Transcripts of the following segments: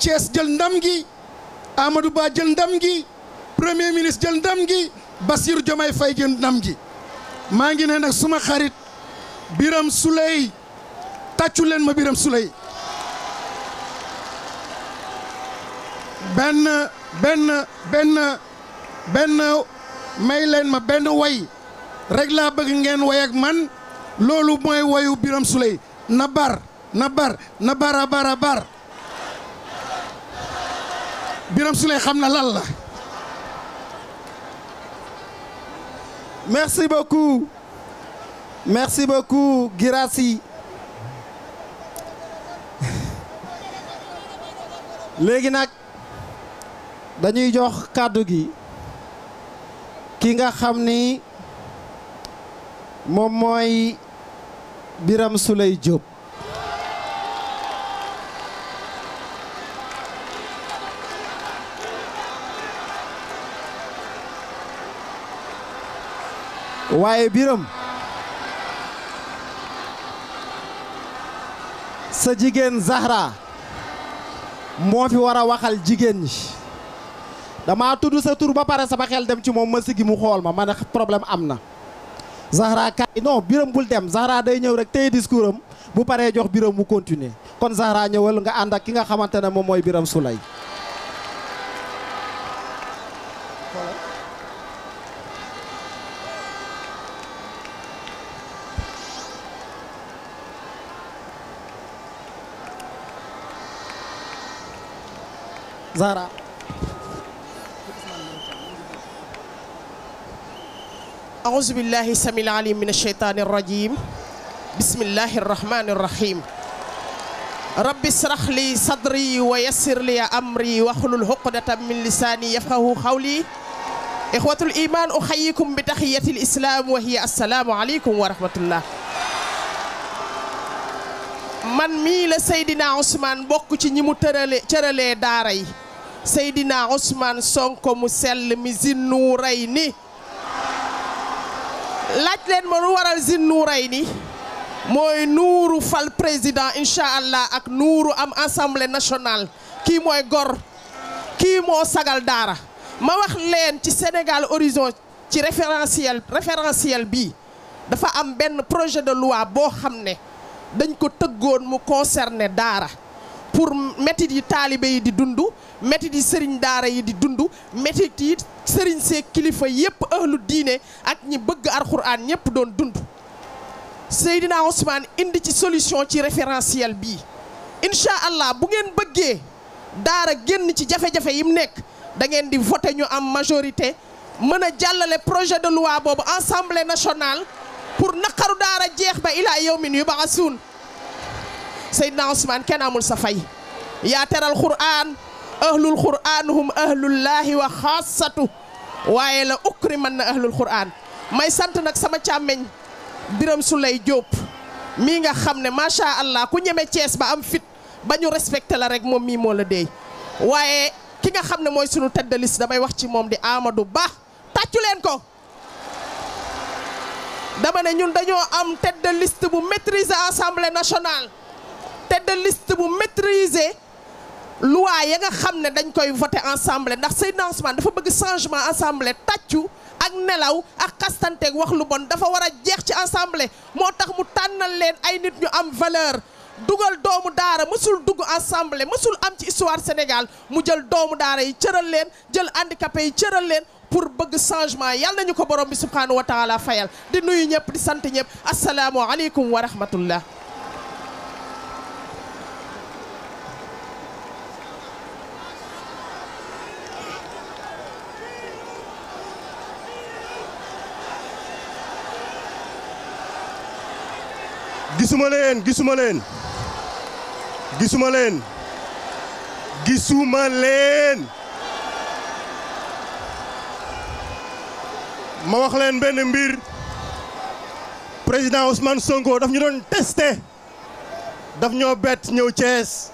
Thiès jël ndam gi Amadou Ba jël ndam gi premier ministre jël ndam gi Bassirou Diomaye Faye jël ndam gi maa ngi ne nag suma xarit biram Souleye tàccu leen ma biram Souleye benn benn benn benn may leen ma benn way rek laa bëgg ngeen way man loolu mooy wayu biram Souleye na bar na bar na bara bara bar biram Souleye xam na lan la merci beaucoup merci beaucoup Girassi léegi nag dañuy jox kàddu gi ki nga xam ni moom mooy biram Souleye Diop waaye biram sa jigéen Zahra moo fi war a waxal jigéen ñi dama tudd sa tur ba pare sama xel dem ci moom ma sigi mu xool ma ma ne problème am na Zahra kaay non biram bul dem Zahra day ñëw rek tey discours am bu paree jox biram mu continuer kon Zahra ñëwal nga ànd ak ki nga xamante ne moom mooy biram Souleye Zara. أعوذ بالله السميع العليم من الشيطان الرجيم بسم الله الرحمن الرحيم رب اشرح لي صدري ويسر لي أمري واحلل عقدة من لساني يفقهوا قولي إخوة الإيمان أحييكم بتحية الإسلام وهي السلام عليكم ورحمة الله man mii la seydinaa Ousmane bokk ci ñi mu tërale cëralee daara yi Seydina Ousmane Sonko mu sell mi zinnu rey ni laaj leen ma lu waral zinnu rey ni mooy nuuru fal président incha allah ak nuuru am assemblée nationale kii mooy gor kii moo sagal daara ma wax leen ci Sénégal orison ci référentiel référentiel bi dafa am benn projet de loi boo xam ne dañ ko tëggoon mu concerné daara pour métit yi taalibe yi di dund métit yi sëriñ daara yi di dund métit yi sëriñ see kilifa yépp ahlu diine ak ñi bëgg alxuraan ñépp doon dund Seydina Ousmane indi ci solution ci référentiel bi incha allah bu ngeen bëggee daara génn ci jafe-jafe yi mu nekk da ngeen di voté ñu am majorité mën a jàllale projet de loi boobu assemblée nationale pour naqaru a jeex ba ilaa yawmin yubaasuun Seydina Ousmane kenn amul sa fay yaa teral qur'aan ahlul qur'aan hum ahlullaahi wa xaasatu waaye la ukri man na ahlul qur'aan may sant nag sama càmmeñ Biram Souleye Diop mii nga xam ne macha allah ku ñeme Cees ba am fit ba ñu respecté la rek moom mii moo la déey waaye ki nga xam ne mooy sunu tête damay wax ci moom di Amadou Ba tàccu leen ko dama ne ñun dañoo am tête de liste bu maîtriser assemblée nationale tête de liste bu maîtriser loi ya nga xam ne dañ koy voter assemblée ndax Seydina Ousmane dafa bëgg changement assemblée tàccu ak nelaw ak xastanteeg wax lu bon dafa war a jeex ci assemblée moo tax mu tànnal leen ay nit ñu am valeur dugal doomu daara mësul dugg assemblée mësul am ci histoire Sénégal mu jël doomu daara yi cëral leen jël handicapé yi cëral leen pour bëgg changement yàlla nañu ko borom bi subhanahu wa taala fayal di nuyu ñëpp di sant ñëpp asalaamu aleykum wa rahmatullah gisuma leen gisuma leen gisuma leen gisuma leen ma wax leen benn mbir président Ousmane Sonko daf ñu doon testé daf ñoo bett ñëw Thiès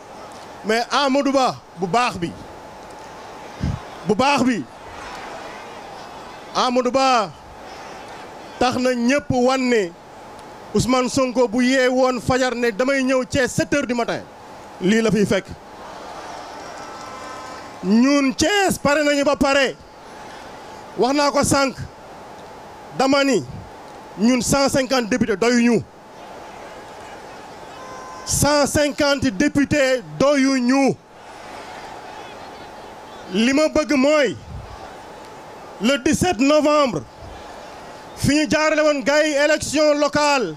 mais Amadou Ba bu baax bi bu baax bi Amadou Ba tax na ñëpp wan usmaan Ousmane bu yee woon fajar ne damay ñëw Thiès 7 di du lii la fiy fekk ñun Thiès pare nañu ba pare wax naa ko sànq. dama ni ñun 150 députés doyuñu 150 députés doyuñu li ma bëgg mooy le 17 novembre fi ñu jaarale woon gars yi élection locale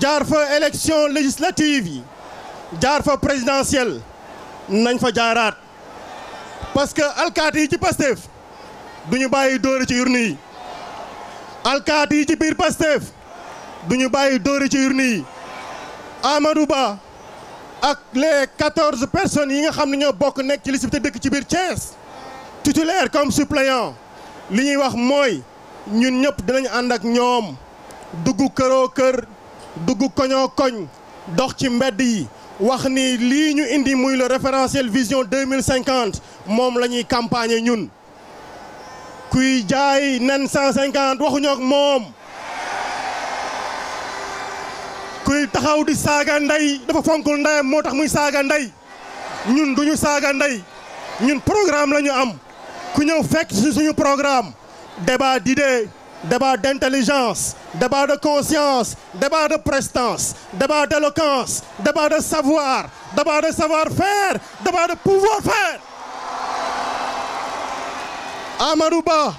jaar fa élection législative yi jaar fa présidentielle nañ fa jaaraat parce que alkaati yi ci Pastef duñu bàyyi dóori ci urne yi alkaati yi ci biir Pastef duñu bàyyi dóori ci urne yi Amadou Ba ak les quatorze personnes yi nga xam ne ñoo bokk nekk ci liste bi te dëkk ci biir Thiès titulaire comme suppléant li ñuy wax mooy ñun ñëpp dinañu ànd ak ñoom dugg këroo kër dugg koñoo koñ dox ci mbedd yi wax ni lii ñu indi muy le référentiel vision deux mille cinquante moom la ñuy campagne ñun. kuy jaay nen 150 waxuñu ak moom kuy taxaw di saaga ndey dafa fonkul ndeyam moo tax muy saaga ndey ñun duñu saaga ndey ñun programme la am ku ñëw fekk ci suñu programme débat d'idées débat d'intelligence débat de conscience débat de prestance débat d'éloquence débat de savoir débat de savoir-faire débat de pouvoir-faire Amadou Ba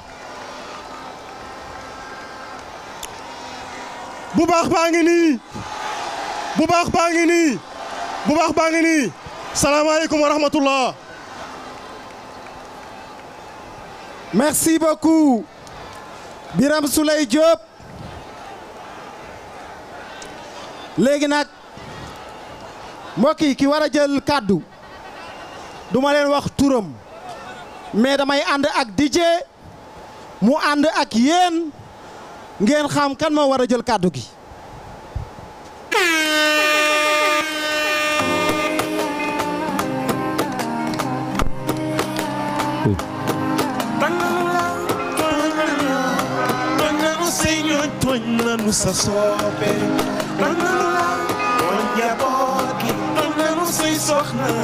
bu baax baa ngi nii bu baax baa ngi nii bu baax baa ngi nii salaamaaleykum wa rahmatullah merci beaucoup Biram Souley Diop léegi nag mbokk ki war a jël kàddu duma leen wax turam mais damay ànd ak DJ mu ànd ak yéen ngeen xam kan moo war a jël kàddu gi.